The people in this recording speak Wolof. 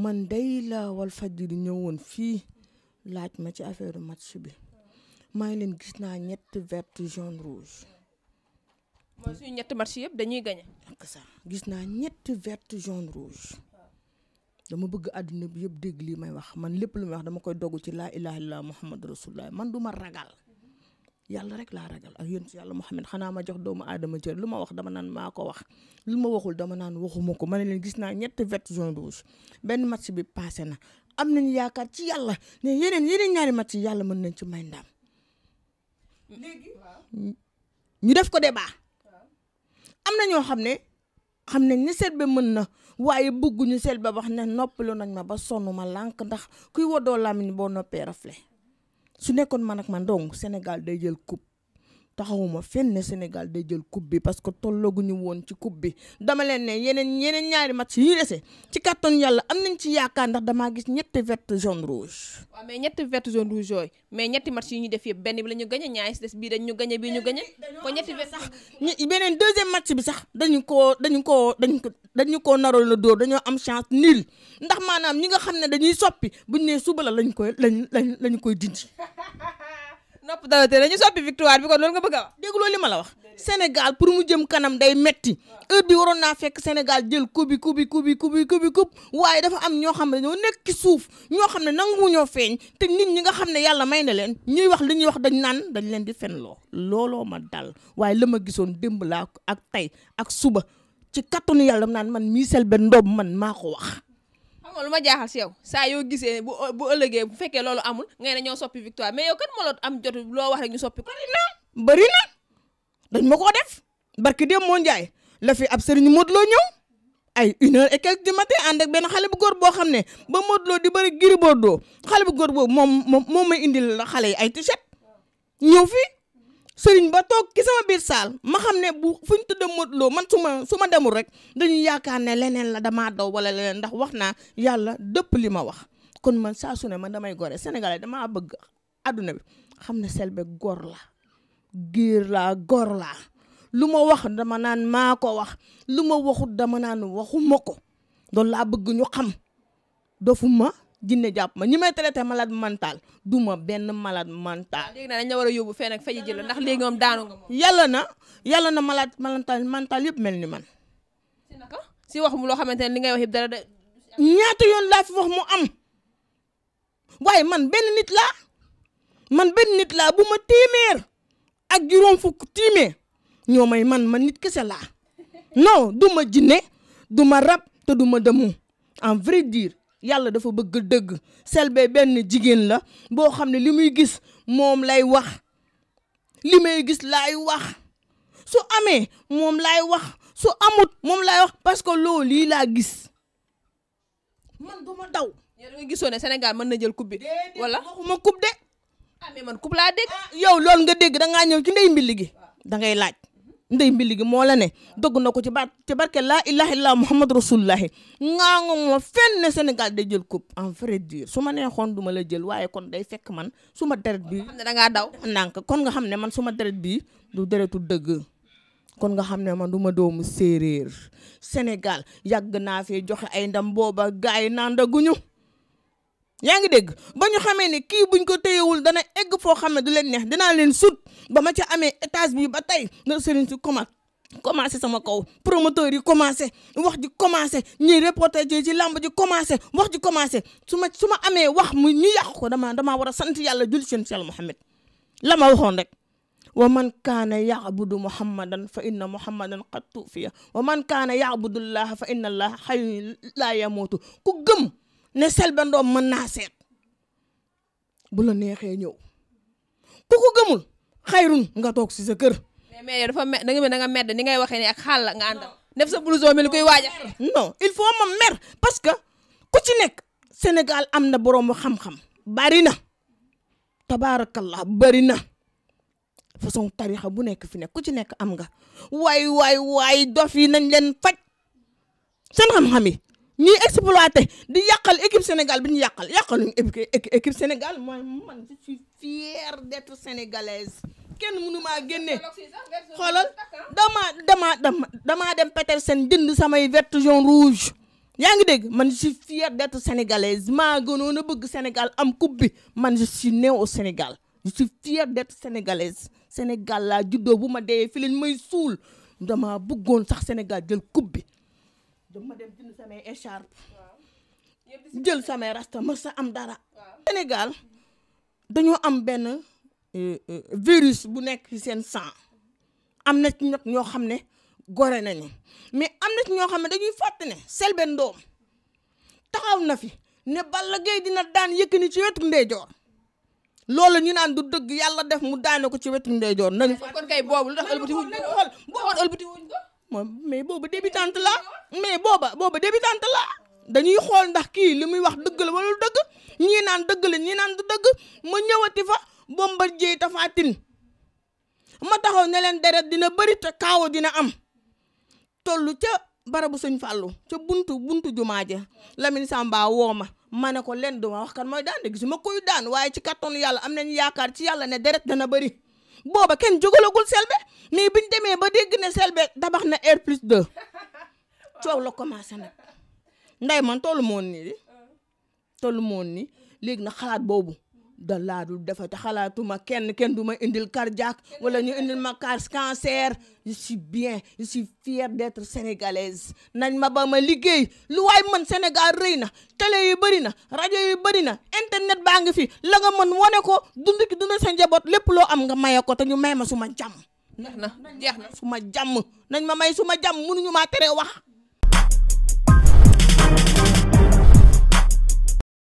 man day la Walfadjri ñëwoon fii laaj ma ci affaire match bi maa ngi leen gis naa ñetti vert jaune rouge. ñetti match yëpp dañuy gañe. gis naa ñetti verte jaune rouge. dama bëgg àdduna bi yëpp dégg lii may wax man lépp lu may wax dama koy dogu ci laa ilaha illallah muhammad rasulullah man du ma ragal. yàlla rek laa ragal ak yéen si yàlla Muhammad xanaa ma jox doomu aadama cër lu ma wax dama naan maa ko wax lu ma waxul dama naan waxuma ko ma ne leen gis naa ñetti vert jaune rouge benn match bi passé na am nañu yaakaar ci yàlla ne yeneen yeneen ñaari match yi mën nañ ci may ndam def ko débat am na ñoo xam ne xam nañ ne seet ba mën na waaye bëgguñu seet ba wax ne noppalu nañ ma ba sonn ma lànk ndax kuy wodoo làmmiñ boo noppee rafle su nekkoon man ak man donc Sénégal day jël coupe taxawuma fenn Sénégal day jël coupe bi parce que tollaguñu woon ci coupe bi dama leen ne yeneen yeneen ñaari match yi dese ci kàttanu yàlla am nañ ci yaakaar ndax damaa gis ñetti vert jaune rouge. waaw mais ñetti verte jaune rouge yooyu mais ñetti match yi ñu def yëpp benn bi la ñu gañe ñaari si des bii dañ ñu gañe bii ñu gañe ko ñetti verte sax beneen deuxième match bi sax dañu koo dañu koo dañu ko dañu koo naroon la door dañoo am chance nul ndax maanaam ñi nga xam ne dañuy soppi buñ nee suba la lañ koy lañ lañ lañ koy dindi. nopp dawate dañu soppi victoire bi kon loolu nga bëgg a wax. dégguloo li ma la wax Sénégal pour mu jëm kanam day metti heure di waroon naa fekk Sénégal jël kubi kubi kubi kubi kubi kub waaye dafa am ñoo xam ne ñoo nekk ci suuf ñoo xam ne nangu mu ñoo feeñ te nit ñi nga xam ne yàlla may na leen ñuy wax li ñuy wax dañ naan dañ leen di fen loo looloo ma dal waaye la ma gisoon démb laa ak tey ak suba ci kattanu yàlla naan man mii Selbé Ndom man maa ko wax xam nga lu ma jaaxal si yow saa yoo gisee bu bu ëllëgee bu fekkee loolu amul ngay ne ñoo soppi victoire mais yow kat moo am jotu loo wax rek ñu soppi ko. bëri na dañ ma ko def barki dem moo njaay la fi ab sëriñ Modou loo ñëw ay une heure et quelques du matin benn xale bu góor boo xam ne ba Modou loo di bëri Gris Bordeaux xale bu góor boobu moom moom moom may indi la xale yi ay t ñëw fii. sëriñ ba toog ki sama biir saal ma xam ne bu fu ñu tudd Modou Lo man su ma su ma demul rek dañuy yaakaar ne leneen la damaa daw wala leneen ndax wax naa yàlla dëpp li ma wax kon man saa su ne man damay gore Sénégalais damaa bëgg àdduna bi xam ne Selbé gor la giir laa gor laa lu ma wax dama naan maa ko wax lu ma waxut dama naan waxuma ko loolu laa bëgg ñu xam dofuma jinne jàpp ma ñi may traité malade mental du ma benn malade mental. léegi nag la war a yóbbu fenn ak fay jël ndax léegi moom nga moom. yàlla na yàlla na malade mental mental yëpp mel ni man. si wax mu loo xamante ne li ngay wax yëpp dara de. ñaata yoon laa fi wax mu am waaye man benn nit laa man benn nit laa bu ma téeméer ak juróom fukk téeméer ñoo may man man nit kese laa non du jinne du ma rab te duma demu en vrai dire. yàlla dafa bëgg dëgg selbe benn jigéen la boo xam ne li muy gis moom lay wax li may gis laay wax su amee moom laay wax su amut moom laay wax parce que loolu lii laa gis man du ma daw. yéen nga ne Sénégal mën na jël coupe bi. wala waxuma coupe de. ah mais man coupe laa dégg. Ah, yow loolu nga dégg da ngaa ñëw ci ndey mbilli gi dangay laaj. ndey mbili gi moo la ne dogg na ko ci baat ci barke laa ilaha illallah muhammad rasulullahi ngaangu ma fenn senegal day jël coupe en vrai dire su ma neexoon du ma la jël waaye kon day fekk man su ma deret bi xam ne dangaa daw kon nga xam ne man su ma deret du deretu dëgg kon nga xam ne man du ma doomu séeréer Sénégal yàgg naa fee joxe ay ndam booba gars yi naan daguñu yaa ngi dégg ba ñu xamee ne kii buñ ko téyewul dana egg foo xam ne du leen neex dinaa leen sut ba ma ca amee étage bi ba tey na Serigne si comment commencé sama kaw promoteur yi commencé wax ji commencé ñuy reporter ji ci làmb ji commencé wax ji commencé su ma su ma amee wax mu ñu yàq ko damaa damaa war a sant yàlla jul seen si yàlla Muhammad la ma waxoon rek wa man kaana yaabudu muhammadan fa inna muhammadan qad tufiya wa man kaana yaabudu llaha fa inna allaha xayu laa yamuutu ku gëm ne Selbé Ndom mën naa seet bu la neexee ñëw ku ko gëmul xayrun nga toog si sa kër. mais mais dafa me da nga da nga medd ni ngay waxee ni ak xaal la def sa blouson mi li koy waaj non il faut ma mer parce que ku ci nekk senegal am na boroomu xam-xam. bari na tabaarakallah bari na façon tarixa bu nekk fi nekk ku ci nekk am nga waay waay waay dof yi nañ leen faj seen xam-xam yi ñuy exploité di yàqal équipe Sénégal bi ñu yàqal yàqaluñu équipe Sénégal mooy man je suis fière d'être sénégalaise kenn mënu maa génne xoolal dama damaa dem Petersen jënd samay vert jaune rouge yaa ngi dégg man si suis fière d'être sénégalaise maa gënoon a bëgg Sénégal am coupe man si suis née au Sénégal je suis fière d'être sénégalaise Sénégal laa juddoo bu ma dee fi may suul damaa buggoon sax Sénégal jël coupe bi dama dem jënd samay écharpe jël samay rasta ma sa am dara Sénégal dañoo am benn euh, euh, virus bu nekk ci seen sang am na ci nag ñoo xam ne gore nañu mais am na ci ñoo xam ne dañuy fàtte ne Selbé Ndom taxaw na fi ne Balla Gaye dina daan yëkk ni ci wetu ndeyjoor loolu ñu naan du dëgg yàlla def mu daane ko ci wetu ndeyjoor nañu kon kay boobu lu tax ëlbati wuñ boo xool ëlbati wuñ moom mais booba débutante la mais booba booba débutante laa dañuy xool ndax kii li muy wax dëgg la wala dëgg ñii naan dëgg la ñii naan du dëgg ma ñëwati fa Bombardier Tapha Tine ma taxaw ne leen deret dina bëri te kaawa dina am tollu ca barabu sëñ Fallou ca buntu buntu jumaa ja Lamine Samba woo ma ma ne ko leen duma wax kan mooy daan de ma koy daan waaye ci kattanu yàlla am nañu yaakaar ci yàlla ne deret dana bari booba kenn jógalagul selbe mais R plus la commencé nag nday man tollu moon nii di tollu moon nii léegi nag xalaat boobu da laa dul dafa te xalaatuma kenn kenn du ma indil cardiaque wala ñu indil ma cancer je si bien je suis fière d'être sénégalaise nañ ma ba ma liggéey lu waay mën Sénégal rëy na télé yi bëri na rajo yi bëri na internet baa ngi fi la nga mën wane ko dund ki dund sa njaboot lépp loo am nga maye ko te ñu may ma su ma jàmm neex na jeex na su ma jàmm nañ ma may su ma jàmm mënuñu maa tere wax